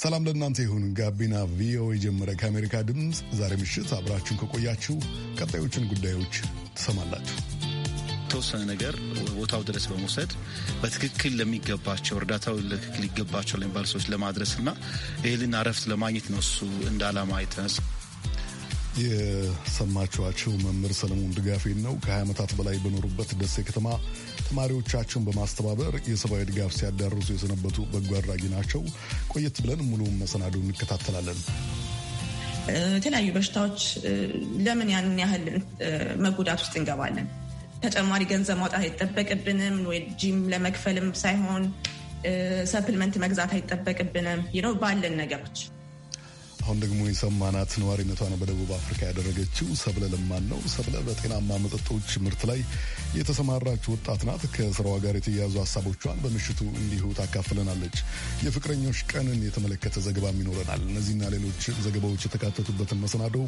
ሰላም ለእናንተ ይሁን። ጋቢና ቪኦኤ የጀመረ ከአሜሪካ ድምፅ ዛሬ ምሽት አብራችሁን ከቆያችሁ ቀጣዮችን ጉዳዮች ትሰማላችሁ። የተወሰነ ነገር ቦታው ድረስ በመውሰድ በትክክል ለሚገባቸው እርዳታው ትክክል ይገባቸው ለሚባል ሰዎች ለማድረስና ይህልን አረፍት ለማግኘት ነው እሱ እንደ አላማ። የተነሳ የሰማችኋቸው መምህር ሰለሞን ድጋፌን ነው። ከ20 ዓመታት በላይ በኖሩበት ደሴ ከተማ ተማሪዎቻቸውን በማስተባበር የሰብአዊ ድጋፍ ሲያዳርሱ የሰነበቱ በጎ አድራጊ ናቸው። ቆየት ብለን ሙሉውን መሰናዶ እንከታተላለን። የተለያዩ በሽታዎች ለምን ያንን ያህል መጎዳት ውስጥ እንገባለን? ተጨማሪ ገንዘብ ማውጣት አይጠበቅብንም ወይ ጂም ለመክፈልም ሳይሆን ሰፕልመንት መግዛት አይጠበቅብንም። ባለን ነገሮች አሁን ደግሞ የሰማናት ነዋሪነቷን በደቡብ አፍሪካ ያደረገችው ሰብለ ለማን ነው። ሰብለ በጤናማ መጠጦች ምርት ላይ የተሰማራች ወጣት ናት። ከስራዋ ጋር የተያያዙ ሀሳቦቿን በምሽቱ እንዲሁ ታካፍለናለች። የፍቅረኞች ቀንን የተመለከተ ዘገባም ይኖረናል። እነዚህና ሌሎች ዘገባዎች የተካተቱበትን መሰናዶው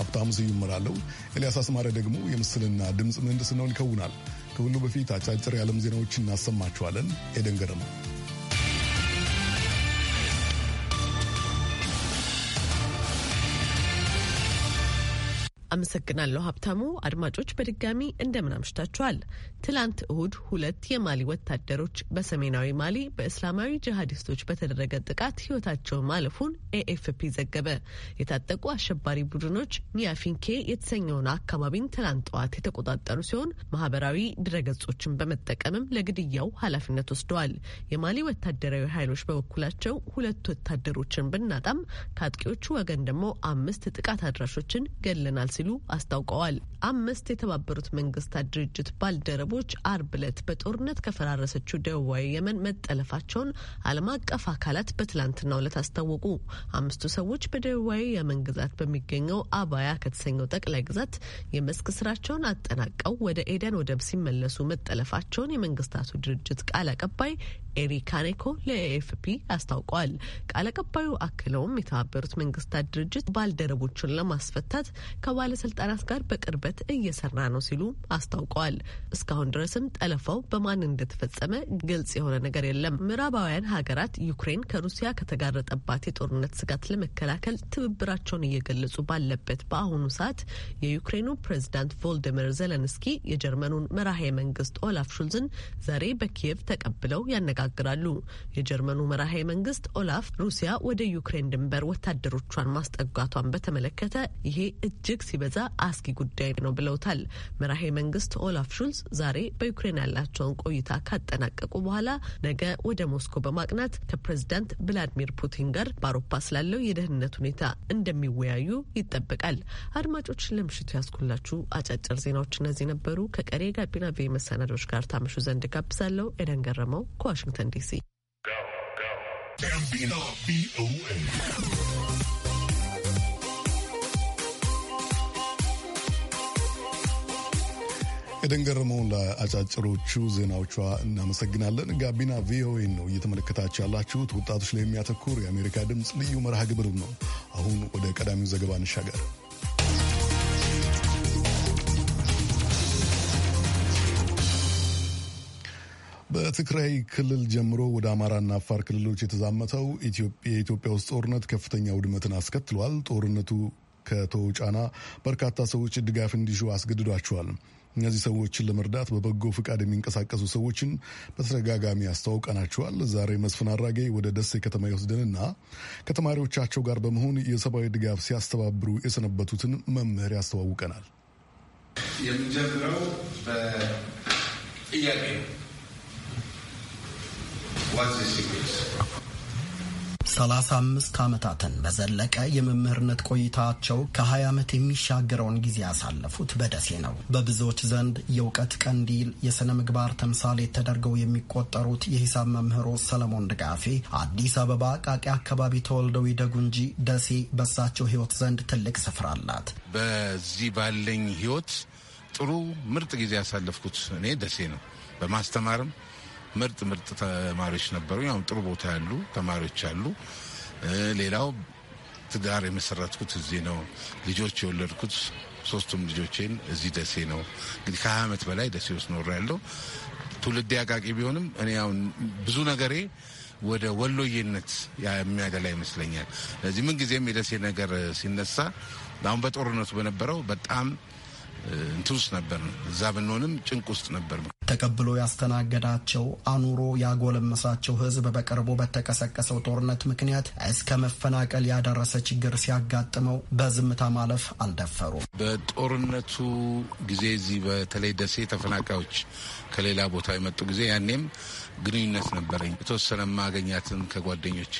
ሀብታሙ ስዩም እመራለሁ። ኤልያስ አስማሪያ ደግሞ የምስልና ድምፅ ምህንድስናውን ይከውናል። ከሁሉ በፊት አጫጭር የዓለም ዜናዎችን እናሰማችኋለን። ኤደን ገረመው አመሰግናለሁ ሀብታሙ። አድማጮች በድጋሚ እንደምን አምሽታችኋል። ትላንት እሁድ ሁለት የማሊ ወታደሮች በሰሜናዊ ማሊ በእስላማዊ ጂሃዲስቶች በተደረገ ጥቃት ህይወታቸው ማለፉን ኤኤፍፒ ዘገበ። የታጠቁ አሸባሪ ቡድኖች ኒያፊንኬ የተሰኘውን አካባቢን ትላንት ጠዋት የተቆጣጠሩ ሲሆን ማህበራዊ ድረገጾችን በመጠቀምም ለግድያው ኃላፊነት ወስደዋል። የማሊ ወታደራዊ ኃይሎች በበኩላቸው ሁለት ወታደሮችን ብናጣም ከአጥቂዎቹ ወገን ደግሞ አምስት ጥቃት አድራሾችን ገለናል ሲሉ አስታውቀዋል። አምስት የተባበሩት መንግስታት ድርጅት ባልደረቦች አርብ ዕለት በጦርነት ከፈራረሰችው ደቡባዊ የመን መጠለፋቸውን ዓለም አቀፍ አካላት በትላንትናው ዕለት አስታወቁ። አምስቱ ሰዎች በደቡባዊ የመን ግዛት በሚገኘው አባያ ከተሰኘው ጠቅላይ ግዛት የመስክ ስራቸውን አጠናቀው ወደ ኤደን ወደብ ሲመለሱ መጠለፋቸውን የመንግስታቱ ድርጅት ቃል አቀባይ ኤሪክ ካኔኮ ለኤኤፍፒ አስታውቋል። ቃል አቀባዩ አክለውም የተባበሩት መንግስታት ድርጅት ባልደረቦቹን ለማስፈታት ከባ ባለስልጣናት ጋር በቅርበት እየሰራ ነው ሲሉ አስታውቀዋል። እስካሁን ድረስም ጠለፋው በማን እንደተፈጸመ ግልጽ የሆነ ነገር የለም። ምዕራባውያን ሀገራት ዩክሬን ከሩሲያ ከተጋረጠባት የጦርነት ስጋት ለመከላከል ትብብራቸውን እየገለጹ ባለበት በአሁኑ ሰዓት የዩክሬኑ ፕሬዚዳንት ቮልዲሚር ዘለንስኪ የጀርመኑን መራሄ መንግስት ኦላፍ ሹልዝን ዛሬ በኪየቭ ተቀብለው ያነጋግራሉ። የጀርመኑ መራሄ መንግስት ኦላፍ ሩሲያ ወደ ዩክሬን ድንበር ወታደሮቿን ማስጠጋቷን በተመለከተ ይሄ እጅግ ሲበዛ አስጊ ጉዳይ ነው ብለውታል። መራሄ መንግስት ኦላፍ ሹልስ ዛሬ በዩክሬን ያላቸውን ቆይታ ካጠናቀቁ በኋላ ነገ ወደ ሞስኮ በማቅናት ከፕሬዚዳንት ቭላዲሚር ፑቲን ጋር በአውሮፓ ስላለው የደህንነት ሁኔታ እንደሚወያዩ ይጠበቃል። አድማጮች ለምሽቱ ያስኩላችሁ አጫጭር ዜናዎች እነዚህ ነበሩ። ከቀሪ ጋቢና ቪ መሰናዶች ጋር ታምሹ ዘንድ ጋብዛለሁ። ኤደን ገረመው ከዋሽንግተን ዲሲ። ኤደን ገረመውን ለአጫጭሮቹ ዜናዎቿ እናመሰግናለን። ጋቢና ቪኦኤን ነው እየተመለከታችሁ ያላችሁት። ወጣቶች ላይ የሚያተኩር የአሜሪካ ድምፅ ልዩ መርሃ ግብር ነው። አሁን ወደ ቀዳሚው ዘገባ እንሻገር። በትግራይ ክልል ጀምሮ ወደ አማራና አፋር ክልሎች የተዛመተው የኢትዮጵያ ውስጥ ጦርነት ከፍተኛ ውድመትን አስከትሏል። ጦርነቱ ከተወጫና በርካታ ሰዎች ድጋፍ እንዲሹ አስገድዷቸዋል። እነዚህ ሰዎችን ለመርዳት በበጎ ፍቃድ የሚንቀሳቀሱ ሰዎችን በተደጋጋሚ አስተዋውቀናቸዋል። ዛሬ መስፍን አራጌ ወደ ደሴ ከተማ ይወስደንና ከተማሪዎቻቸው ጋር በመሆን የሰብአዊ ድጋፍ ሲያስተባብሩ የሰነበቱትን መምህር ያስተዋውቀናል። የምንጀምረው በጥያቄ ነው። ሰላሳ አምስት ዓመታትን በዘለቀ የመምህርነት ቆይታቸው ከ20 ዓመት የሚሻገረውን ጊዜ ያሳለፉት በደሴ ነው። በብዙዎች ዘንድ የእውቀት ቀንዲል፣ የሥነ ምግባር ተምሳሌት ተደርገው የሚቆጠሩት የሂሳብ መምህሮ ሰለሞን ድጋፌ አዲስ አበባ ቃቂ አካባቢ ተወልደው ይደጉ እንጂ ደሴ በሳቸው ሕይወት ዘንድ ትልቅ ስፍራ አላት። በዚህ ባለኝ ሕይወት ጥሩ ምርጥ ጊዜ ያሳለፍኩት እኔ ደሴ ነው። በማስተማርም ምርጥ ምርጥ ተማሪዎች ነበሩ። ያው ጥሩ ቦታ ያሉ ተማሪዎች አሉ። ሌላው ትዳር የመሰረትኩት እዚህ ነው። ልጆች የወለድኩት ሶስቱም ልጆቼን እዚህ ደሴ ነው። እንግዲህ ከሀያ ዓመት በላይ ደሴ ውስጥ ኖር ያለው ትውልድ አቃቂ ቢሆንም እኔ ያው ብዙ ነገሬ ወደ ወሎዬነት የሚያደላ ይመስለኛል። ስለዚህ ምንጊዜም የደሴ ነገር ሲነሳ አሁን በጦርነቱ በነበረው በጣም እንትን ውስጥ ነበር። እዛ ብንሆንም ጭንቅ ውስጥ ነበር። ተቀብሎ ያስተናገዳቸው አኑሮ ያጎለመሳቸው ህዝብ በቅርቡ በተቀሰቀሰው ጦርነት ምክንያት እስከ መፈናቀል ያደረሰ ችግር ሲያጋጥመው በዝምታ ማለፍ አልደፈሩም። በጦርነቱ ጊዜ እዚህ በተለይ ደሴ ተፈናቃዮች ከሌላ ቦታ የመጡ ጊዜ ያኔም ግንኙነት ነበረኝ። የተወሰነ ማገኛትን ከጓደኞቼ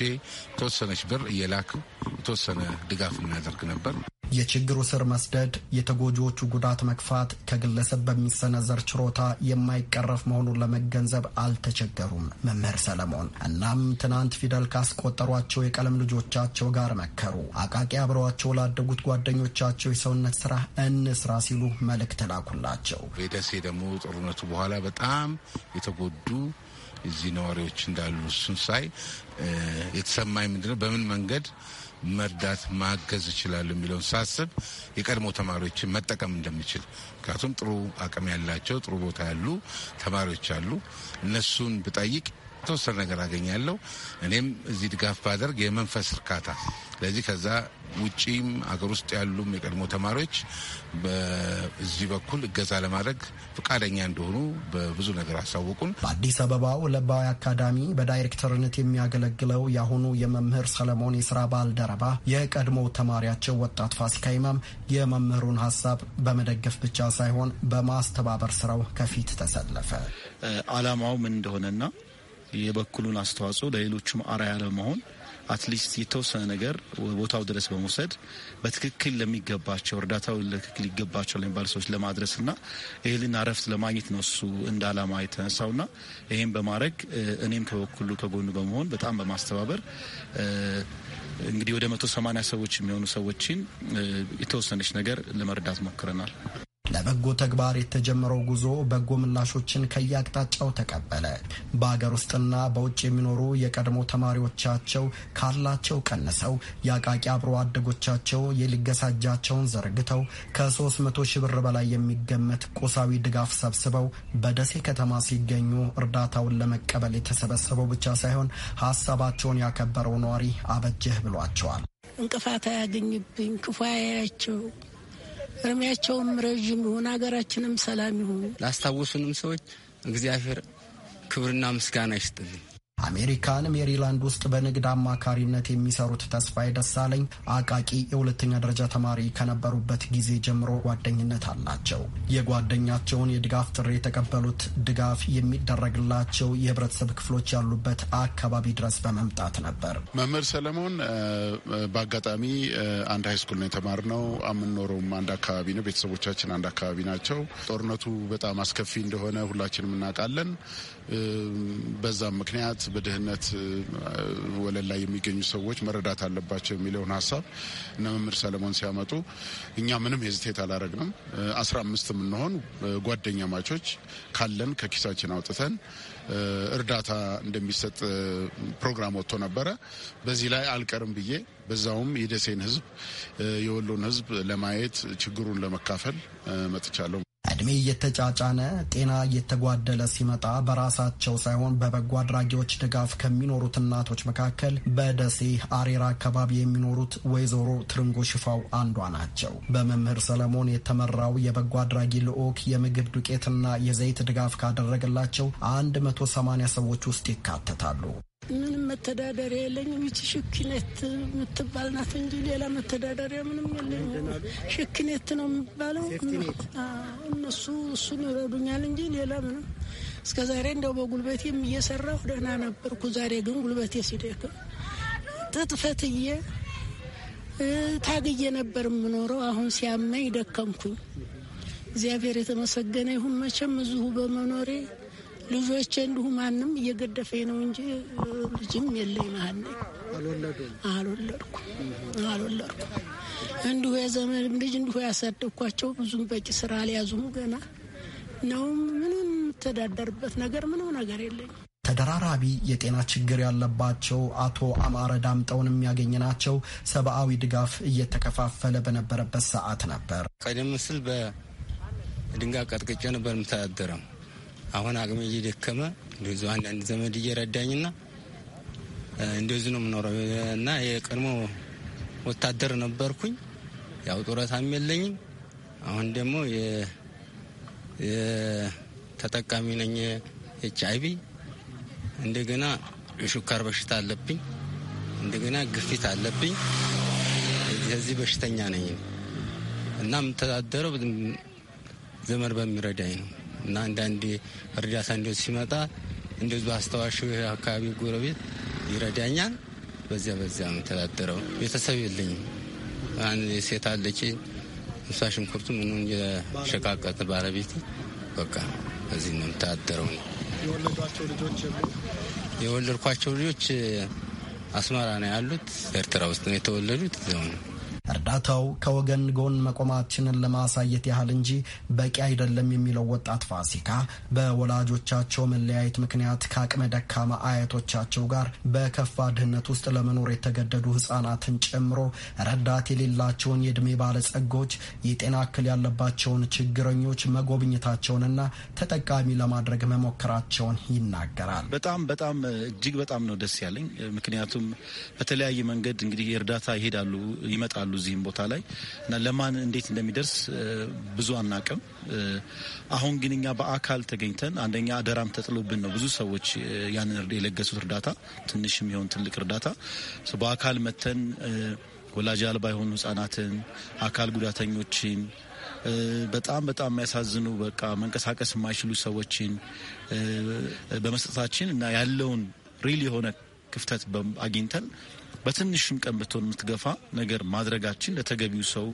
የተወሰነች ብር እየላክ የተወሰነ ድጋፍ እናደርግ ነበር። የችግሩ ስር መስደድ፣ የተጎጂዎቹ ጉዳት መክፋት ከግለሰብ በሚሰነዘር ችሮታ የማይቀረፍ መሆኑን ለመገንዘብ አልተቸገሩም መምህር ሰለሞን። እናም ትናንት ፊደል ካስቆጠሯቸው የቀለም ልጆቻቸው ጋር መከሩ። አቃቂ አብረዋቸው ላደጉት ጓደኞቻቸው የሰውነት ስራ እንስራ ሲሉ መልእክት ላኩላቸው። ደሴ ደግሞ ጦርነቱ በኋላ በጣም የተጎዱ እዚህ ነዋሪዎች እንዳሉ እሱን ሳይ የተሰማኝ ምንድነው በምን መንገድ መርዳት ማገዝ ይችላል የሚለውን ሳስብ የቀድሞ ተማሪዎችን መጠቀም እንደምችል ምክንያቱም ጥሩ አቅም ያላቸው ጥሩ ቦታ ያሉ ተማሪዎች አሉ። እነሱን ብጠይቅ የተወሰነ ነገር አገኛለሁ። እኔም እዚህ ድጋፍ ባደርግ የመንፈስ እርካታ ለዚህ ከዛ ውጪም አገር ውስጥ ያሉም የቀድሞ ተማሪዎች በዚህ በኩል እገዛ ለማድረግ ፈቃደኛ እንደሆኑ በብዙ ነገር አሳወቁን። በአዲስ አበባው ለባዊ አካዳሚ በዳይሬክተርነት የሚያገለግለው የአሁኑ የመምህር ሰለሞን የስራ ባልደረባ የቀድሞ ተማሪያቸው ወጣት ፋሲካ ይማም የመምህሩን ሀሳብ በመደገፍ ብቻ ሳይሆን በማስተባበር ስራው ከፊት ተሰለፈ። አላማው ምን እንደሆነና የበኩሉን አስተዋጽኦ ለሌሎቹም አርአያ ለመሆን አትሊስት የተወሰነ ነገር ቦታው ድረስ በመውሰድ በትክክል ለሚገባቸው እርዳታው ለትክክል ይገባቸው ለሚባሉ ሰዎች ለማድረስ ና ይህልን እረፍት ለማግኘት ነው እሱ እንደ አላማ የተነሳው ና ይህም በማድረግ እኔም ከበኩሉ ከጎኑ በመሆን በጣም በማስተባበር እንግዲህ ወደ መቶ ሰማኒያ ሰዎች የሚሆኑ ሰዎችን የተወሰነች ነገር ለመርዳት ሞክረናል። ለበጎ ተግባር የተጀመረው ጉዞ በጎ ምላሾችን ከየአቅጣጫው ተቀበለ። በአገር ውስጥና በውጭ የሚኖሩ የቀድሞ ተማሪዎቻቸው ካላቸው ቀንሰው የአቃቂ አብሮ አደጎቻቸው የልገሳ ዘርግተው ከ300 ሺህ ብር በላይ የሚገመት ቁሳዊ ድጋፍ ሰብስበው በደሴ ከተማ ሲገኙ እርዳታውን ለመቀበል የተሰበሰበው ብቻ ሳይሆን ሀሳባቸውን ያከበረው ነዋሪ አበጀህ ብሏቸዋል። እንቅፋት አያገኝብኝ ክፉ አያያቸው እድሜያቸውም ረዥም ይሁን፣ ሀገራችንም ሰላም ይሁን። ላስታወሱንም ሰዎች እግዚአብሔር ክብርና ምስጋና ይስጥልን። አሜሪካን ሜሪላንድ ውስጥ በንግድ አማካሪነት የሚሰሩት ተስፋዬ ደሳለኝ አቃቂ የሁለተኛ ደረጃ ተማሪ ከነበሩበት ጊዜ ጀምሮ ጓደኝነት አላቸው። የጓደኛቸውን የድጋፍ ጥሪ የተቀበሉት ድጋፍ የሚደረግላቸው የህብረተሰብ ክፍሎች ያሉበት አካባቢ ድረስ በመምጣት ነበር። መምህር ሰለሞን በአጋጣሚ አንድ ሃይስኩል ነው የተማርነው። የምንኖረውም አንድ አካባቢ ነው። ቤተሰቦቻችን አንድ አካባቢ ናቸው። ጦርነቱ በጣም አስከፊ እንደሆነ ሁላችንም እናውቃለን። በዛም ምክንያት በድህነት ወለል ላይ የሚገኙ ሰዎች መረዳት አለባቸው የሚለውን ሀሳብ እነ መምህር ሰለሞን ሲያመጡ እኛ ምንም ሄዝቴት አላረግንም። አስራ አምስት የምንሆን ጓደኛ ማቾች ካለን ከኪሳችን አውጥተን እርዳታ እንደሚሰጥ ፕሮግራም ወጥቶ ነበረ። በዚህ ላይ አልቀርም ብዬ በዛውም የደሴን ህዝብ የወሎን ህዝብ ለማየት ችግሩን ለመካፈል መጥቻለሁ። እድሜ እየተጫጫነ ጤና እየተጓደለ ሲመጣ በራሳቸው ሳይሆን በበጎ አድራጊዎች ድጋፍ ከሚኖሩት እናቶች መካከል በደሴ አሬራ አካባቢ የሚኖሩት ወይዘሮ ትርንጎ ሽፋው አንዷ ናቸው። በመምህር ሰለሞን የተመራው የበጎ አድራጊ ልዑክ የምግብ ዱቄትና የዘይት ድጋፍ ካደረገላቸው 180 ሰዎች ውስጥ ይካተታሉ። ምንም መተዳደሪያ የለኝም። ይቺ ሽክኔት የምትባል ናት እንጂ ሌላ መተዳደሪያ ምንም የለኝም። ሽክኔት ነው የሚባለው። እነሱ እሱን ይረዱኛል እንጂ ሌላ ምንም እስከ ዛሬ እንደው በጉልበቴም እየሰራሁ ደህና ነበርኩ። ዛሬ ግን ጉልበቴ ሲደክም ጥጥ ታግዬ ነበር የምኖረው። አሁን ሲያመኝ ደከምኩኝ። እግዚአብሔር የተመሰገነ ይሁን። መቼም እዚሁ በመኖሬ ልጆቼ እንዲሁ ማንም እየገደፈ ነው እንጂ ልጅም የለኝ መሀል ነኝ። አልወለድኩም አልወለድኩም። እንዲሁ የዘመን ልጅ እንዲሁ ያሳደግኳቸው ብዙም በቂ ስራ አልያዙም ገና ነው። ምንም የምተዳደርበት ነገር ምንም ነገር የለኝ። ተደራራቢ የጤና ችግር ያለባቸው አቶ አማረ ዳምጠውን የሚያገኝናቸው ሰብአዊ ድጋፍ እየተከፋፈለ በነበረበት ሰዓት ነበር። ቀደም ሲል በድንጋይ ቀጥቅጬ ነበር የምተዳደረው አሁን አቅሜ እየደከመ እንደዚ አንዳንድ ዘመድ እየረዳኝና እንደዚ ነው የምኖረው እና የቀድሞ ወታደር ነበርኩኝ። ያው ጡረታም የለኝም። አሁን ደግሞ ተጠቃሚ ነኝ ኤች አይቪ እንደገና የሹካር በሽታ አለብኝ። እንደገና ግፊት አለብኝ። ከዚህ በሽተኛ ነኝ እና የምተዳደረው ዘመድ በሚረዳኝ ነው። እና አንዳንዴ እርዳታ እንደ ሲመጣ እንደዙ አስታዋሽ አካባቢ ጎረቤት ይረዳኛል። በዚያ በዚያ የምተዳደረው ቤተሰብ የለኝም። ሴት አለች እሷ ሽንኩርቱ ምኑ የሸቃቀጥ ባለቤት በቃ እዚህ ነው የምተዳደረው። የወለድኳቸው ልጆች አስመራ ነው ያሉት። ኤርትራ ውስጥ ነው የተወለዱት። ነው እርዳታው ከወገን ጎን መቆማችንን ለማሳየት ያህል እንጂ በቂ አይደለም የሚለው ወጣት ፋሲካ በወላጆቻቸው መለያየት ምክንያት ከአቅመ ደካማ አያቶቻቸው ጋር በከፋ ድህነት ውስጥ ለመኖር የተገደዱ ህጻናትን ጨምሮ ረዳት የሌላቸውን የእድሜ ባለጸጎች፣ የጤና እክል ያለባቸውን ችግረኞች መጎብኘታቸውንና ተጠቃሚ ለማድረግ መሞከራቸውን ይናገራል። በጣም በጣም እጅግ በጣም ነው ደስ ያለኝ። ምክንያቱም በተለያየ መንገድ እንግዲህ እርዳታ ይሄዳሉ ይመጣሉ እዚህም ቦታ ላይ እና ለማን እንዴት እንደሚደርስ ብዙ አናቅም። አሁን ግን እኛ በአካል ተገኝተን አንደኛ አደራም ተጥሎብን ነው ብዙ ሰዎች ያንን የለገሱት እርዳታ ትንሽም ይሆን ትልቅ እርዳታ በአካል መተን ወላጅ አልባ የሆኑ ህጻናትን፣ አካል ጉዳተኞችን በጣም በጣም የሚያሳዝኑ በቃ መንቀሳቀስ የማይችሉ ሰዎችን በመስጠታችን እና ያለውን ሪል የሆነ ክፍተት አግኝተን በትንሽም ቀን ብትሆን የምትገፋ ነገር ማድረጋችን ለተገቢው ሰው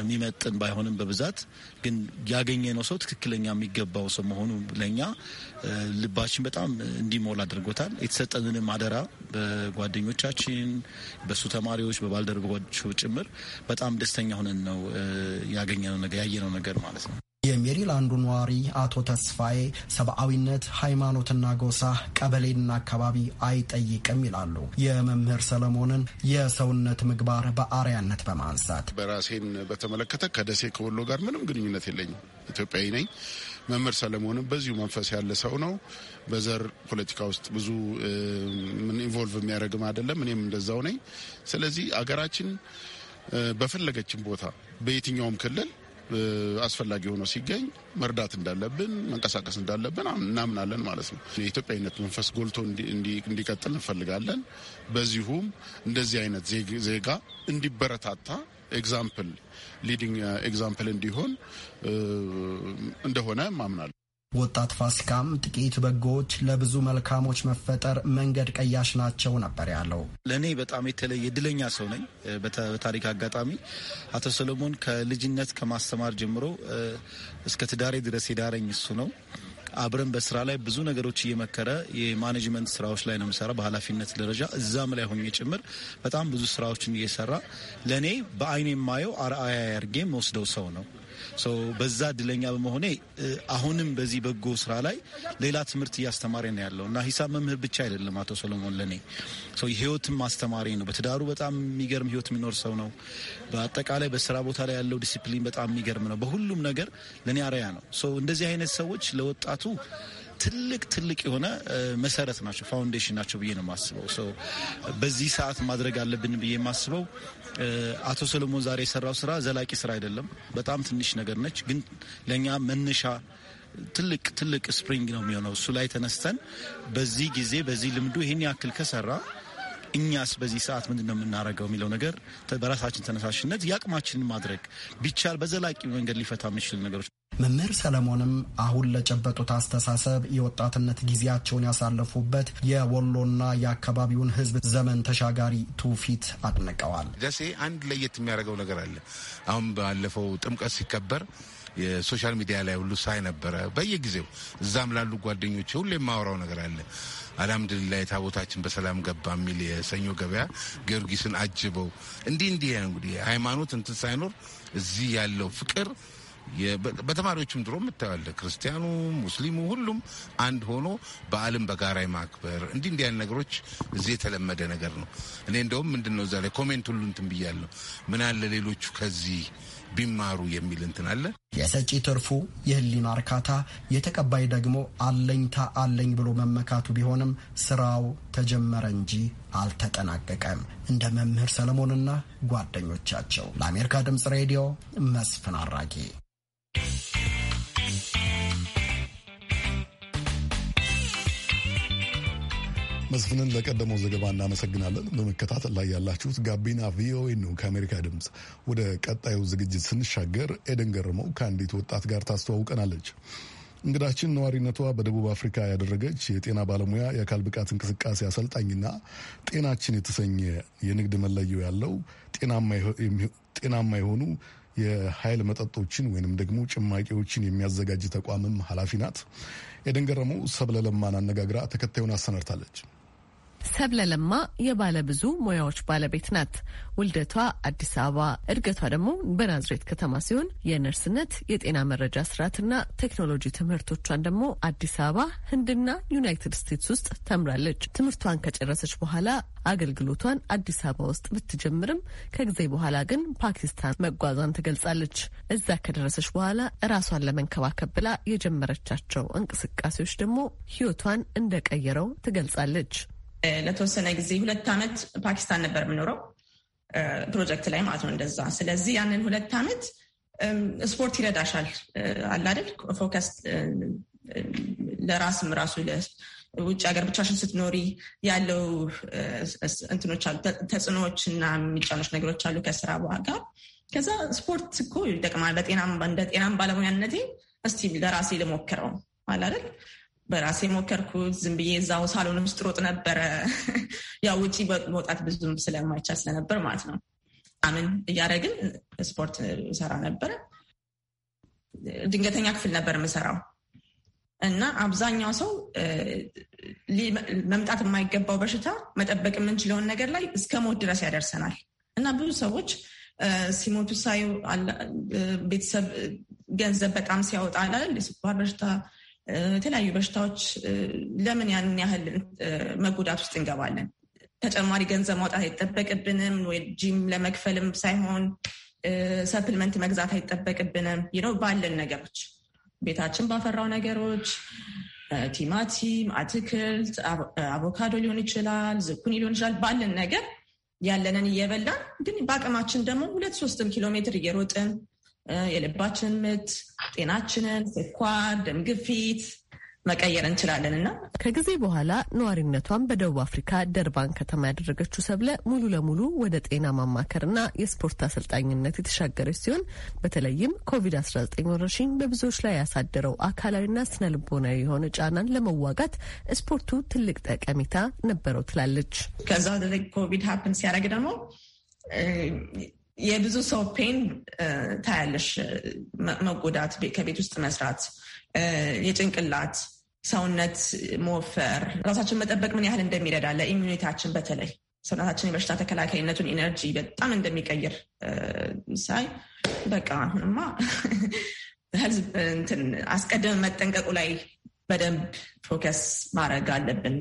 የሚመጥን ባይሆንም በብዛት ግን ያገኘነው ሰው ትክክለኛ የሚገባው ሰው መሆኑ ለኛ ልባችን በጣም እንዲሞላ አድርጎታል። የተሰጠንንም አደራ በጓደኞቻችን፣ በሱ ተማሪዎች፣ በባልደረቦች ጭምር በጣም ደስተኛ ሆነን ነው ያገኘነው ነገር ያየነው ነገር ማለት ነው። የሜሪላንዱ ነዋሪ አቶ ተስፋዬ ሰብአዊነት ሃይማኖትና ጎሳ ቀበሌና አካባቢ አይጠይቅም ይላሉ። የመምህር ሰለሞንን የሰውነት ምግባር በአርያነት በማንሳት በራሴን በተመለከተ ከደሴ ከወሎ ጋር ምንም ግንኙነት የለኝም። ኢትዮጵያዊ ነኝ። መምህር ሰለሞንም በዚሁ መንፈስ ያለ ሰው ነው። በዘር ፖለቲካ ውስጥ ብዙ ኢንቮልቭ የሚያደርግም አይደለም። እኔም እንደዛው ነኝ። ስለዚህ አገራችን በፈለገችን ቦታ በየትኛውም ክልል አስፈላጊ ሆኖ ሲገኝ መርዳት እንዳለብን መንቀሳቀስ እንዳለብን እናምናለን ማለት ነው። የኢትዮጵያዊነት መንፈስ ጎልቶ እንዲቀጥል እንፈልጋለን። በዚሁም እንደዚህ አይነት ዜጋ እንዲበረታታ ኤግዛምፕል ሊዲንግ ኤግዛምፕል እንዲሆን እንደሆነ ማምናል። ወጣት ፋሲካም ጥቂት በጎዎች ለብዙ መልካሞች መፈጠር መንገድ ቀያሽ ናቸው ነበር ያለው። ለእኔ በጣም የተለየ እድለኛ ሰው ነኝ። በታሪክ አጋጣሚ አቶ ሰሎሞን ከልጅነት ከማስተማር ጀምሮ እስከ ትዳሬ ድረስ የዳረኝ እሱ ነው። አብረን በስራ ላይ ብዙ ነገሮች እየመከረ የማኔጅመንት ስራዎች ላይ ነው የምሰራ በኃላፊነት ደረጃ እዛም ላይ ሆኜ ጭምር በጣም ብዙ ስራዎችን እየሰራ ለእኔ በአይኔ የማየው አርአያ ያርጌ መወስደው ሰው ነው። በዛ እድለኛ በመሆኔ አሁንም በዚህ በጎ ስራ ላይ ሌላ ትምህርት እያስተማሪ ነው ያለው እና ሂሳብ መምህር ብቻ አይደለም አቶ ሰሎሞን ለኔ ህይወትም ማስተማሪ ነው። በትዳሩ በጣም የሚገርም ህይወት የሚኖር ሰው ነው። በአጠቃላይ በስራ ቦታ ላይ ያለው ዲሲፕሊን በጣም የሚገርም ነው። በሁሉም ነገር ለእኔ አርያ ነው። እንደዚህ አይነት ሰዎች ለወጣቱ ትልቅ ትልቅ የሆነ መሰረት ናቸው፣ ፋውንዴሽን ናቸው ብዬ ነው የማስበው። በዚህ ሰዓት ማድረግ አለብን ብዬ የማስበው አቶ ሰለሞን ዛሬ የሰራው ስራ ዘላቂ ስራ አይደለም። በጣም ትንሽ ነገር ነች፣ ግን ለእኛ መነሻ ትልቅ ትልቅ ስፕሪንግ ነው የሚሆነው። እሱ ላይ ተነስተን በዚህ ጊዜ በዚህ ልምዱ ይህን ያክል ከሰራ እኛስ በዚህ ሰዓት ምንድን ነው የምናደርገው የሚለው ነገር በራሳችን ተነሳሽነት የአቅማችንን ማድረግ ቢቻል በዘላቂ መንገድ ሊፈታ የሚችል ነገሮች መምህር ሰለሞንም አሁን ለጨበጡት አስተሳሰብ የወጣትነት ጊዜያቸውን ያሳለፉበት የወሎና የአካባቢውን ሕዝብ ዘመን ተሻጋሪ ትውፊት አድንቀዋል። ደሴ አንድ ለየት የሚያደርገው ነገር አለ። አሁን ባለፈው ጥምቀት ሲከበር የሶሻል ሚዲያ ላይ ሁሉ ሳይ ነበረ። በየጊዜው እዛም ላሉ ጓደኞች ሁሉ የማወራው ነገር አለ። አልሐምዱሊላህ ታቦታችን በሰላም ገባ የሚል የሰኞ ገበያ ጊዮርጊስን አጅበው እንዲህ እንዲህ እንግዲህ ሃይማኖት እንትን ሳይኖር እዚህ ያለው ፍቅር በተማሪዎችም ድሮ የምታያለ ክርስቲያኑ፣ ሙስሊሙ ሁሉም አንድ ሆኖ በዓልን በጋራ ማክበር እንዲህ እንዲህ ያሉ ነገሮች እዚህ የተለመደ ነገር ነው። እኔ እንደውም ምንድን ነው እዛ ላይ ኮሜንት ሁሉ እንትን ብያለሁ። ምን አለ ሌሎቹ ከዚህ ቢማሩ የሚል እንትን አለ። የሰጪ ትርፉ የህሊና እርካታ፣ የተቀባይ ደግሞ አለኝታ አለኝ ብሎ መመካቱ ቢሆንም ስራው ተጀመረ እንጂ አልተጠናቀቀም። እንደ መምህር ሰለሞንና ጓደኞቻቸው ለአሜሪካ ድምጽ ሬዲዮ መስፍን አራጌ መስፍንን ለቀደመው ዘገባ እናመሰግናለን። በመከታተል ላይ ያላችሁት ጋቢና ቪኦኤ ነው ከአሜሪካ ድምፅ። ወደ ቀጣዩ ዝግጅት ስንሻገር ኤደን ገርመው ከአንዲት ወጣት ጋር ታስተዋውቀናለች። እንግዳችን ነዋሪነቷ በደቡብ አፍሪካ ያደረገች የጤና ባለሙያ፣ የአካል ብቃት እንቅስቃሴ አሰልጣኝና ጤናችን የተሰኘ የንግድ መለየው ያለው ጤናማ የሆኑ የኃይል መጠጦችን ወይንም ደግሞ ጭማቂዎችን የሚያዘጋጅ ተቋምም ኃላፊ ናት። ኤደን ገረመው ሰብለ ለማን አነጋግራ ተከታዩን አሰናድታለች። ሰብለለማ ብዙ ሙያዎች ባለቤት ናት። ውልደቷ አዲስ አበባ፣ እድገቷ ደግሞ በናዝሬት ከተማ ሲሆን የነርስነት የጤና መረጃ ስርዓትና ቴክኖሎጂ ትምህርቶቿን ደግሞ አዲስ አበባ፣ ህንድና ዩናይትድ ስቴትስ ውስጥ ተምራለች። ትምህርቷን ከጨረሰች በኋላ አገልግሎቷን አዲስ አበባ ውስጥ ብትጀምርም ከጊዜ በኋላ ግን ፓኪስታን መጓዟን ትገልጻለች። እዛ ከደረሰች በኋላ ራሷን ለመንከባከብ ብላ የጀመረቻቸው እንቅስቃሴዎች ደግሞ ህይወቷን እንደቀየረው ትገልጻለች። ለተወሰነ ጊዜ ሁለት ዓመት ፓኪስታን ነበር የምኖረው ፕሮጀክት ላይ ማለት ነው እንደዛ። ስለዚህ ያንን ሁለት ዓመት ስፖርት ይረዳሻል አላደል ፎከስ ለራስም ራሱ ውጭ ሀገር ብቻሽን ስትኖሪ ያለው እንትኖች አሉ፣ ተጽዕኖዎች እና የሚጫኖች ነገሮች አሉ ከስራ ጋር። ከዛ ስፖርት እኮ ይጠቅማል። በጤናም እንደ ጤናም ባለሙያነቴ እስቲ ለራሴ ልሞክረው አላደል በራሴ ሞከርኩት። ዝም ብዬ እዛው ሳሎን ውስጥ ሮጥ ነበረ። ያው ውጪ መውጣት ብዙም ስለማይቻል ስለነበር ማለት ነው። ምን እያደረግን ስፖርት ሰራ ነበረ። ድንገተኛ ክፍል ነበር የምሰራው እና አብዛኛው ሰው መምጣት የማይገባው በሽታ መጠበቅ የምንችለውን ነገር ላይ እስከ ሞት ድረስ ያደርሰናል እና ብዙ ሰዎች ሲሞቱ ሳዩ ቤተሰብ ገንዘብ በጣም ሲያወጣ ስኳር በሽታ የተለያዩ በሽታዎች ለምን ያንን ያህል መጎዳት ውስጥ እንገባለን? ተጨማሪ ገንዘብ ማውጣት አይጠበቅብንም ወይ ጂም ለመክፈልም ሳይሆን ሰፕልመንት መግዛት አይጠበቅብንም። ይነው ባለን ነገሮች ቤታችን ባፈራው ነገሮች ቲማቲም፣ አትክልት፣ አቮካዶ ሊሆን ይችላል፣ ዝኩኒ ሊሆን ይችላል። ባለን ነገር ያለንን እየበላን ግን በአቅማችን ደግሞ ሁለት ሶስትም ኪሎ ሜትር እየሮጥን የልባችንን ምት፣ ጤናችንን፣ ስኳር፣ ደም ግፊት መቀየር እንችላለን እና ከጊዜ በኋላ ነዋሪነቷን በደቡብ አፍሪካ ደርባን ከተማ ያደረገችው ሰብለ ሙሉ ለሙሉ ወደ ጤና ማማከርና የስፖርት አሰልጣኝነት የተሻገረች ሲሆን በተለይም ኮቪድ-19 ወረርሽኝ በብዙዎች ላይ ያሳደረው አካላዊና ስነ ልቦናዊ የሆነ ጫናን ለመዋጋት ስፖርቱ ትልቅ ጠቀሜታ ነበረው ትላለች። ከዛ ኮቪድ ሀፕን ሲያደርግ ደግሞ የብዙ ሰው ፔን ታያለሽ። መጎዳት፣ ከቤት ውስጥ መስራት፣ የጭንቅላት ሰውነት መወፈር፣ ራሳችን መጠበቅ ምን ያህል እንደሚረዳ ለኢሚኒታችን በተለይ ሰውነታችን የበሽታ ተከላካይነቱን ኢነርጂ በጣም እንደሚቀይር ሳይ በቃ አሁንማ ህዝብ እንትን አስቀድመን መጠንቀቁ ላይ በደንብ ፎከስ ማድረግ አለብን።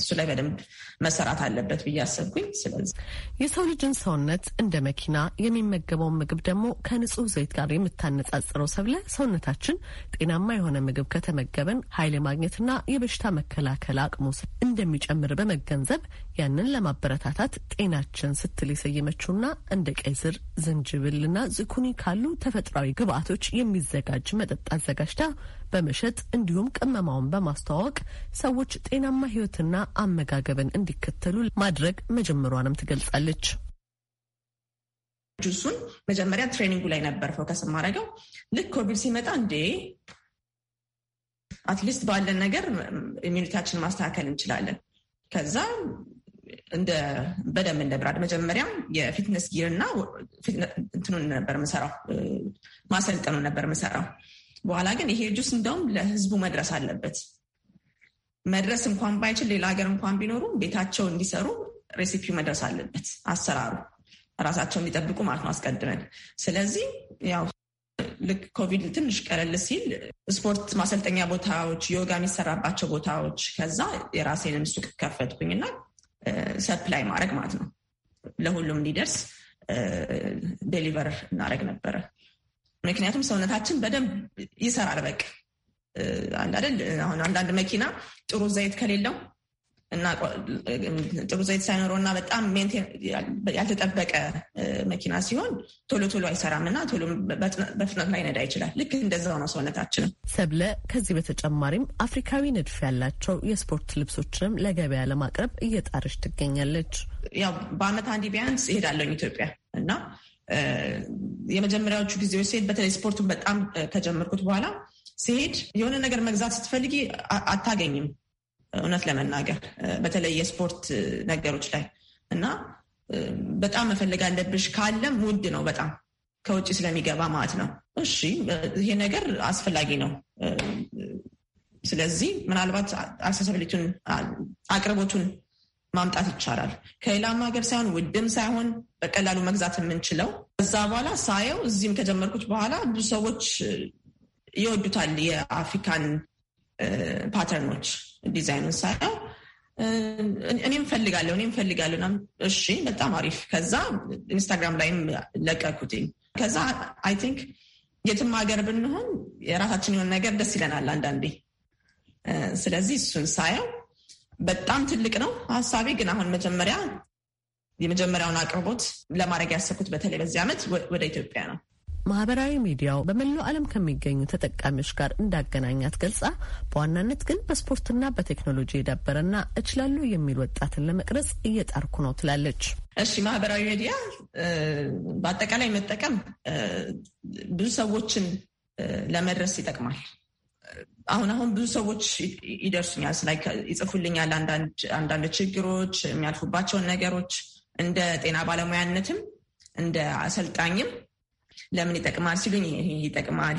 እሱ ላይ በደንብ መሰራት አለበት ብዬ አሰብኩኝ። ስለዚህ የሰው ልጅን ሰውነት እንደ መኪና የሚመገበውን ምግብ ደግሞ ከንጹህ ዘይት ጋር የምታነጻጽረው ሰብለ፣ ሰውነታችን ጤናማ የሆነ ምግብ ከተመገበን ኃይል ማግኘትና የበሽታ መከላከል አቅሙ እንደሚጨምር በመገንዘብ ያንን ለማበረታታት ጤናችን ስትል የሰየመችውና እንደ ቀይ ስር፣ ዝንጅብልና ዝኩኒ ካሉ ተፈጥሯዊ ግብአቶች የሚዘጋጅ መጠጥ አዘጋጅታ በመሸጥ እንዲሁም ቅመማውን በማ በማስተዋወቅ ሰዎች ጤናማ ህይወትና አመጋገብን እንዲከተሉ ማድረግ መጀመሯንም ትገልጻለች። ጁሱን መጀመሪያ ትሬኒንጉ ላይ ነበር ፎከስ የማደርገው። ልክ ኮቪድ ሲመጣ እንዴ አትሊስት ባለን ነገር ኢሚኒቲያችን ማስተካከል እንችላለን። ከዛ በደንብ እንደ ብራድ መጀመሪያም የፊትነስ ጊር እና እንትኑን ነበር ምሰራው ማሰልጠኑ ነበር ምሰራው። በኋላ ግን ይሄ ጁስ እንደውም ለህዝቡ መድረስ አለበት መድረስ እንኳን ባይችል ሌላ ሀገር እንኳን ቢኖሩ ቤታቸው እንዲሰሩ ሬሲፒው መድረስ አለበት። አሰራሩ ራሳቸው እንዲጠብቁ ማለት ነው አስቀድመን። ስለዚህ ያው ልክ ኮቪድ ትንሽ ቀለል ሲል ስፖርት ማሰልጠኛ ቦታዎች፣ ዮጋ የሚሰራባቸው ቦታዎች፣ ከዛ የራሴንም ሱቅ ከፈትኩኝና ሰፕላይ ማድረግ ማለት ነው ለሁሉም እንዲደርስ ዴሊቨር እናደረግ ነበረ። ምክንያቱም ሰውነታችን በደንብ ይሰራል። በቃ አይደል? አሁን አንዳንድ መኪና ጥሩ ዘይት ከሌለው እና ጥሩ ዘይት ሳይኖረው እና በጣም ያልተጠበቀ መኪና ሲሆን ቶሎ ቶሎ አይሰራም እና ቶሎ በፍጥነት ላይ ነዳ ይችላል። ልክ እንደዛው ነው ሰውነታችንም። ሰብለ ከዚህ በተጨማሪም አፍሪካዊ ንድፍ ያላቸው የስፖርት ልብሶችንም ለገበያ ለማቅረብ እየጣረች ትገኛለች። ያው በአመት አንዲ ቢያንስ ይሄዳለኝ ኢትዮጵያ እና የመጀመሪያዎቹ ጊዜዎች ሴት በተለይ ስፖርቱን በጣም ከጀመርኩት በኋላ ሲሄድ የሆነ ነገር መግዛት ስትፈልጊ አታገኝም፣ እውነት ለመናገር በተለይ የስፖርት ነገሮች ላይ እና በጣም መፈለግ አለብሽ። ካለም ውድ ነው በጣም ከውጭ ስለሚገባ ማለት ነው። እሺ ይሄ ነገር አስፈላጊ ነው። ስለዚህ ምናልባት አክሰሰብሊቱን አቅርቦቱን ማምጣት ይቻላል። ከሌላም ሀገር ሳይሆን ውድም ሳይሆን በቀላሉ መግዛት የምንችለው። ከዛ በኋላ ሳየው እዚህም ከጀመርኩት በኋላ ብዙ ሰዎች ይወዱታል። የአፍሪካን ፓተርኖች ዲዛይኑን ሳየው እኔም ፈልጋለሁ እኔም ፈልጋለሁ ና እሺ፣ በጣም አሪፍ። ከዛ ኢንስታግራም ላይም ለቀኩትኝ። ከዛ አይ ቲንክ የትም ሀገር ብንሆን የራሳችን የሆነ ነገር ደስ ይለናል አንዳንዴ። ስለዚህ እሱን ሳየው በጣም ትልቅ ነው ሀሳቤ። ግን አሁን መጀመሪያ የመጀመሪያውን አቅርቦት ለማድረግ ያሰብኩት በተለይ በዚህ ዓመት ወደ ኢትዮጵያ ነው። ማህበራዊ ሚዲያው በመላው ዓለም ከሚገኙ ተጠቃሚዎች ጋር እንዳገናኛት ገልጻ በዋናነት ግን በስፖርትና በቴክኖሎጂ የዳበረና እችላለሁ የሚል ወጣትን ለመቅረጽ እየጣርኩ ነው ትላለች። እሺ፣ ማህበራዊ ሚዲያ በአጠቃላይ መጠቀም ብዙ ሰዎችን ለመድረስ ይጠቅማል። አሁን አሁን ብዙ ሰዎች ይደርሱኛል፣ ይጽፉልኛል፣ አንዳንድ ችግሮች የሚያልፉባቸውን ነገሮች እንደ ጤና ባለሙያነትም እንደ አሰልጣኝም ለምን ይጠቅማል ሲሉኝ ይጠቅማል።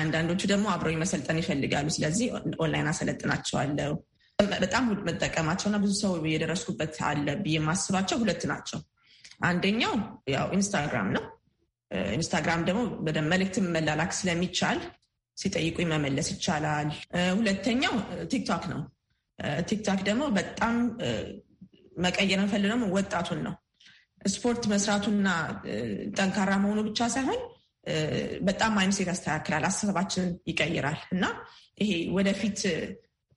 አንዳንዶቹ ደግሞ አብረው መሰልጠን ይፈልጋሉ። ስለዚህ ኦንላይን አሰለጥናቸዋለሁ። በጣም መጠቀማቸውና ብዙ ሰው የደረስኩበት አለ ብዬ የማስባቸው ሁለት ናቸው። አንደኛው ያው ኢንስታግራም ነው። ኢንስታግራም ደግሞ በደንብ መልእክትን መላላክ ስለሚቻል ሲጠይቁኝ መመለስ ይቻላል። ሁለተኛው ቲክቶክ ነው። ቲክቶክ ደግሞ በጣም መቀየር እንፈልግ ወጣቱን ነው ስፖርት መስራቱና ጠንካራ መሆኑ ብቻ ሳይሆን በጣም ማይንሴት ያስተካክላል፣ አስተሳሰባችንን ይቀይራል እና ይሄ ወደፊት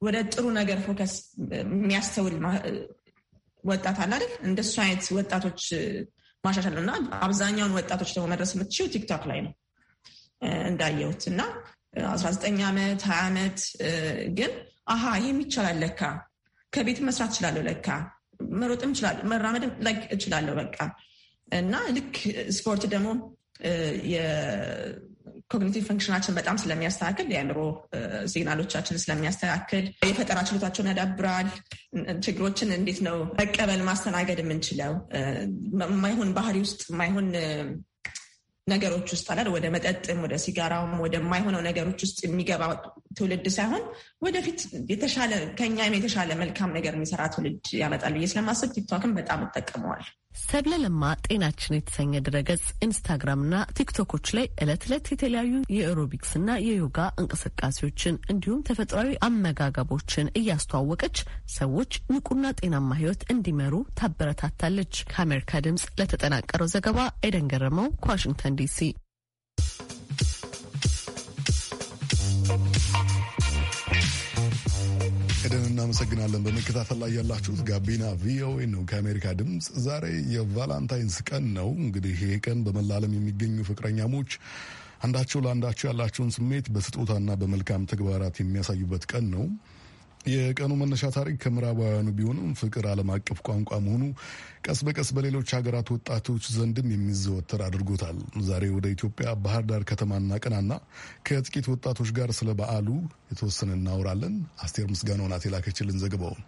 ወደ ጥሩ ነገር ፎከስ የሚያስተውል ወጣት አለ አይደል? እንደሱ አይነት ወጣቶች ማሻሻል ነው እና አብዛኛውን ወጣቶች ደግሞ መድረስ የምትችው ቲክቶክ ላይ ነው እንዳየሁት እና አስራ ዘጠኝ ዓመት ሀያ ዓመት ግን አሀ ይህም ይቻላል ለካ ከቤት መስራት እችላለሁ ለካ መሮጥም እችላለሁ፣ መራመድም እችላለሁ። በቃ እና ልክ ስፖርት ደግሞ የኮግኒቲቭ ፈንክሽናችን በጣም ስለሚያስተካክል የአእምሮ ሲግናሎቻችን ስለሚያስተካክል የፈጠራ ችሎታቸውን ያዳብራል። ችግሮችን እንዴት ነው መቀበል ማስተናገድ የምንችለው የማይሆን ባህሪ ውስጥ የማይሆን ነገሮች ውስጥ አላል ወደ መጠጥም ወደ ሲጋራም ወደማይሆነው ነገሮች ውስጥ የሚገባ ትውልድ ሳይሆን ወደፊት የተሻለ ከኛም የተሻለ መልካም ነገር የሚሰራ ትውልድ ያመጣል ብዬ ስለማስብ ቲክቶክን በጣም እጠቀመዋል። ሰብለ ለማ ጤናችን የተሰኘ ድረገጽ ኢንስታግራምና ቲክቶኮች ላይ እለት እለት የተለያዩ የኤሮቢክስና የዮጋ እንቅስቃሴዎችን እንዲሁም ተፈጥሯዊ አመጋገቦችን እያስተዋወቀች ሰዎች ንቁና ጤናማ ሕይወት እንዲመሩ ታበረታታለች። ከአሜሪካ ድምጽ ለተጠናቀረው ዘገባ ኤደን ገረመው ከዋሽንግተን ዲሲ እናመሰግናለን። በመከታተል ላይ ያላችሁት ጋቢና ቪኦኤ ነው ከአሜሪካ ድምፅ። ዛሬ የቫላንታይንስ ቀን ነው። እንግዲህ ይሄ ቀን በመላ ዓለም የሚገኙ ፍቅረኛሞች አንዳቸው ለአንዳቸው ያላቸውን ስሜት በስጦታና በመልካም ተግባራት የሚያሳዩበት ቀን ነው። የቀኑ መነሻ ታሪክ ከምዕራባውያኑ ቢሆንም ፍቅር ዓለም አቀፍ ቋንቋ መሆኑ ቀስ በቀስ በሌሎች ሀገራት ወጣቶች ዘንድም የሚዘወተር አድርጎታል። ዛሬ ወደ ኢትዮጵያ ባህር ዳር ከተማና ቀናና ከጥቂት ወጣቶች ጋር ስለ በዓሉ የተወሰነ እናወራለን። አስቴር ምስጋናው ናት የላከችልን ዘግበውን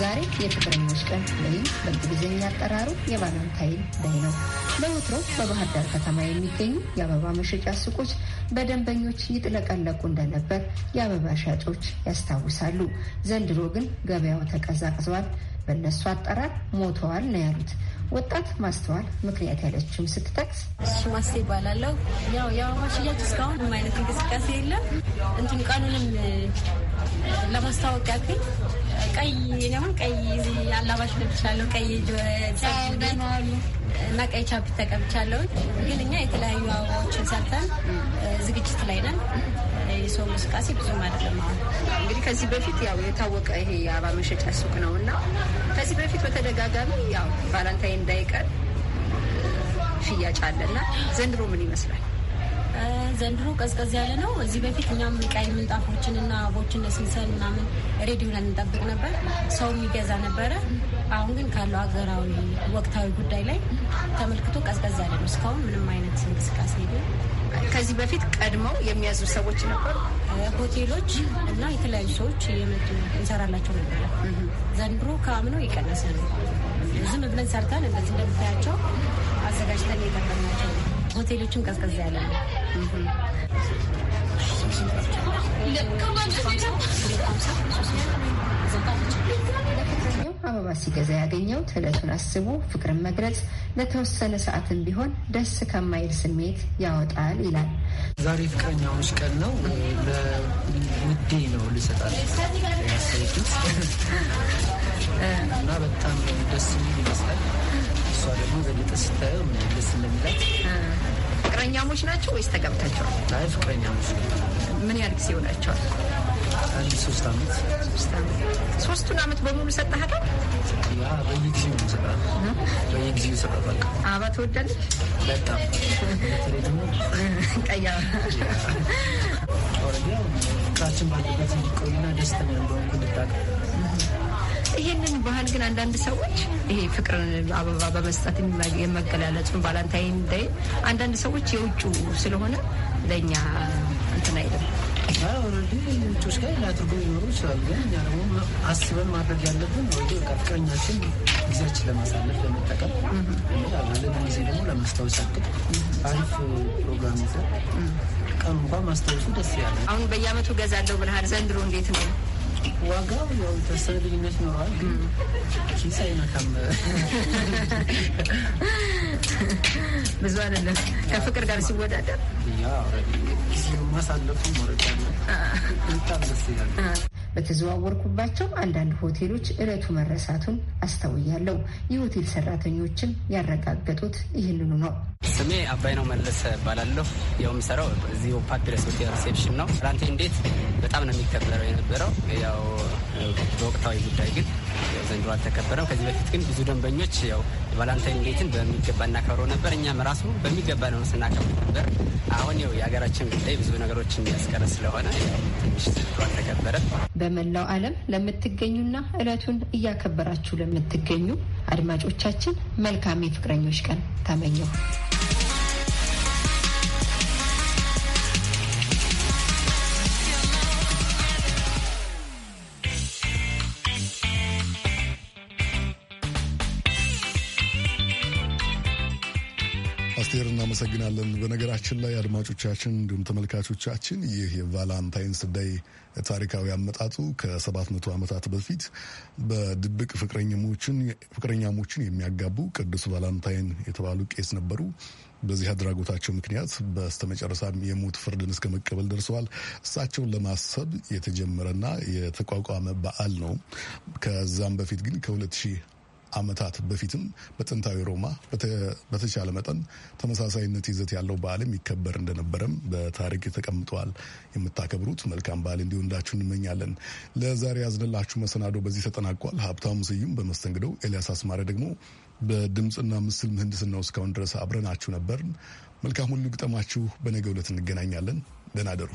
ዛሬ የፍቅረኞች ቀን ወይም በእንግሊዝኛ አጠራሩ የቫለንታይን ዳይ ነው። በወትሮ በባህር ዳር ከተማ የሚገኙ የአበባ መሸጫ ሱቆች በደንበኞች ይጥለቀለቁ እንደነበር የአበባ ሻጮች ያስታውሳሉ። ዘንድሮ ግን ገበያው ተቀዛቅዘዋል። በእነሱ አጠራር ሞተዋል ነው ያሉት። ወጣት ማስተዋል ምክንያት ያለችውም ስትጠቅስ እሺ ማስቴ ያው የአበባ ሽያጭ እስካሁን ምንም አይነት እንቅስቃሴ የለም። እንትን ቀኑንም ለማስታወቅ ያክል ቀይ ደግሞ ቀይ አላባሽ ለብሻለሁ። ቀይ እና ቀይ ቻፕ ተቀብቻለሁ። ግን እኛ የተለያዩ አበባዎችን ሰርተን ዝግጅት ላይ ነን። የሰው እንቅስቃሴ ብዙ አይደለም። እንግዲህ ከዚህ በፊት ያው የታወቀ ይሄ የአበባ መሸጫ ሱቅ ነው እና ከዚህ በፊት በተደጋጋሚ ያው ቫላንታይን እንዳይቀር ሽያጭ አለና ዘንድሮ ምን ይመስላል? ዘንድሮ ቀዝቀዝ ያለ ነው። እዚህ በፊት እኛም ቀይ ምንጣፎችን እና አቦችን ለስንሰል ምናምን ሬዲ ብለን እንጠብቅ ነበር፣ ሰው የሚገዛ ነበረ። አሁን ግን ካለው ሀገራዊ ወቅታዊ ጉዳይ ላይ ተመልክቶ ቀዝቀዝ ያለ ነው። እስካሁን ምንም አይነት እንቅስቃሴ የለም። ከዚህ በፊት ቀድመው የሚያዙ ሰዎች ነበሩ፣ ሆቴሎች እና የተለያዩ ሰዎች የመጡ እንሰራላቸው ነበረ። ዘንድሮ ከአምነው የቀነሰ ነው። ዝም ብለን ሰርተን እንደዚህ እንደምታያቸው አዘጋጅተን የቀረብናቸው ሆቴሎችም ቀዝቀዝ ያለ ነው። አበባ ሲገዛ ያገኘው ዕለቱን አስቦ ፍቅርን መግለጽ ለተወሰነ ሰዓትም ቢሆን ደስ ከማይል ስሜት ያወጣል ይላል። ዛሬ ፍቅረኛሞች ቀን ነው። ለውዴ ነው ልሰጣል እና በጣም ደስ የሚል ይመስላል። እሷ ደግሞ በለጠ ስታየው ደስ እንደሚላት ፍቅረኛሞች ናቸው ወይስ ተጋብታቸዋል? አይ ፍቅረኛሞች። ምን ያህል ጊዜ ሆናቸዋል? አንድ ሶስት አመት። ሶስቱን አመት በሙሉ ሰጠሃታል? በየጊዜው ይሰጣል። በየጊዜው ይሰጣል። በቃ ትወዳለች በጣም በተለይ ደግሞ ቀያ ባለበት እንዲቆይና ደስተኛ እንደሆንኩ እንድታውቅ ይሄንን ባህል ግን አንዳንድ ሰዎች ይሄ ፍቅርን አበባ በመስጠት የመገላለጹን ቫላንታይን ዳይ አንዳንድ ሰዎች የውጩ ስለሆነ ለእኛ እንትን አይደለም። ውጮች ላይ ሊኖሩ ይችላሉ። ግን እኛ ደግሞ አስበን ማድረግ ያለብን ወይ ፍቅረኛችን ጊዜያችን ለማሳለፍ ለመጠቀም ጊዜ ደግሞ ለማስታወስ ያክል አሪፍ ፕሮግራም ቀኑ እንኳን ማስታወሱ ደስ ያለ አሁን በየአመቱ ገዛለሁ ብለሃል። ዘንድሮ እንዴት ነው? ዋጋው ያው የተወሰነ ልዩነት ይኖረዋል፣ ግን ኪስ አይነካም። ብዙ አይደለም ከፍቅር ጋር ሲወዳደር ጊዜ ማሳለፉ ሞረጫ በጣም ደስ ይላል። በተዘዋወርኩባቸው አንዳንድ ሆቴሎች እለቱ መረሳቱን አስተውያለሁ። የሆቴል ሰራተኞችም ያረጋገጡት ይህንኑ ነው። ስሜ አባይ ነው መለሰ እባላለሁ። ያው የምሰራው እዚሁ ፓፒረስ ሆቴል ሪሴፕሽን ነው። ራንቴ እንዴት በጣም ነው የሚከበረው የነበረው ያው በወቅታዊ ጉዳይ ግን ዘንድሮ አልተከበረም። ከዚህ በፊት ግን ብዙ ደንበኞች ያው የቫላንታይን ጌትን በሚገባ እናከብረው ነበር። እኛም ራሱ በሚገባ ነው ስናከብረው ነበር። አሁን ያው የሀገራችን ጉዳይ ብዙ ነገሮችን የሚያስቀረ ስለሆነ ትንሽ ዘንድሮ አልተከበረም። በመላው ዓለም ለምትገኙና እለቱን እያከበራችሁ ለምትገኙ አድማጮቻችን መልካም የፍቅረኞች ቀን ተመኘሁ። እናመሰግናለን። በነገራችን ላይ አድማጮቻችን፣ እንዲሁም ተመልካቾቻችን ይህ የቫላንታይንስ ዳይ ታሪካዊ አመጣጡ ከ700 ዓመታት በፊት በድብቅ ፍቅረኛሞችን የሚያጋቡ ቅዱስ ቫላንታይን የተባሉ ቄስ ነበሩ። በዚህ አድራጎታቸው ምክንያት በስተመጨረሻም የሞት ፍርድን እስከ መቀበል ደርሰዋል። እሳቸውን ለማሰብ የተጀመረና የተቋቋመ በዓል ነው። ከዛም በፊት ግን ከ2000 ዓመታት በፊትም በጥንታዊ ሮማ በተቻለ መጠን ተመሳሳይነት ይዘት ያለው በዓልም ይከበር እንደነበረም በታሪክ ተቀምጠዋል። የምታከብሩት መልካም በዓል እንዲሆንላችሁ እንመኛለን። ለዛሬ ያዝንላችሁ መሰናዶ በዚህ ተጠናቋል። ሀብታሙ ስዩም በመስተንግደው፣ ኤልያስ አስማረ ደግሞ በድምፅና ምስል ምህንድስናው እስካሁን ድረስ አብረናችሁ ነበርን። መልካም ሁሉ ግጠማችሁ። በነገ ዕለት እንገናኛለን። ደህና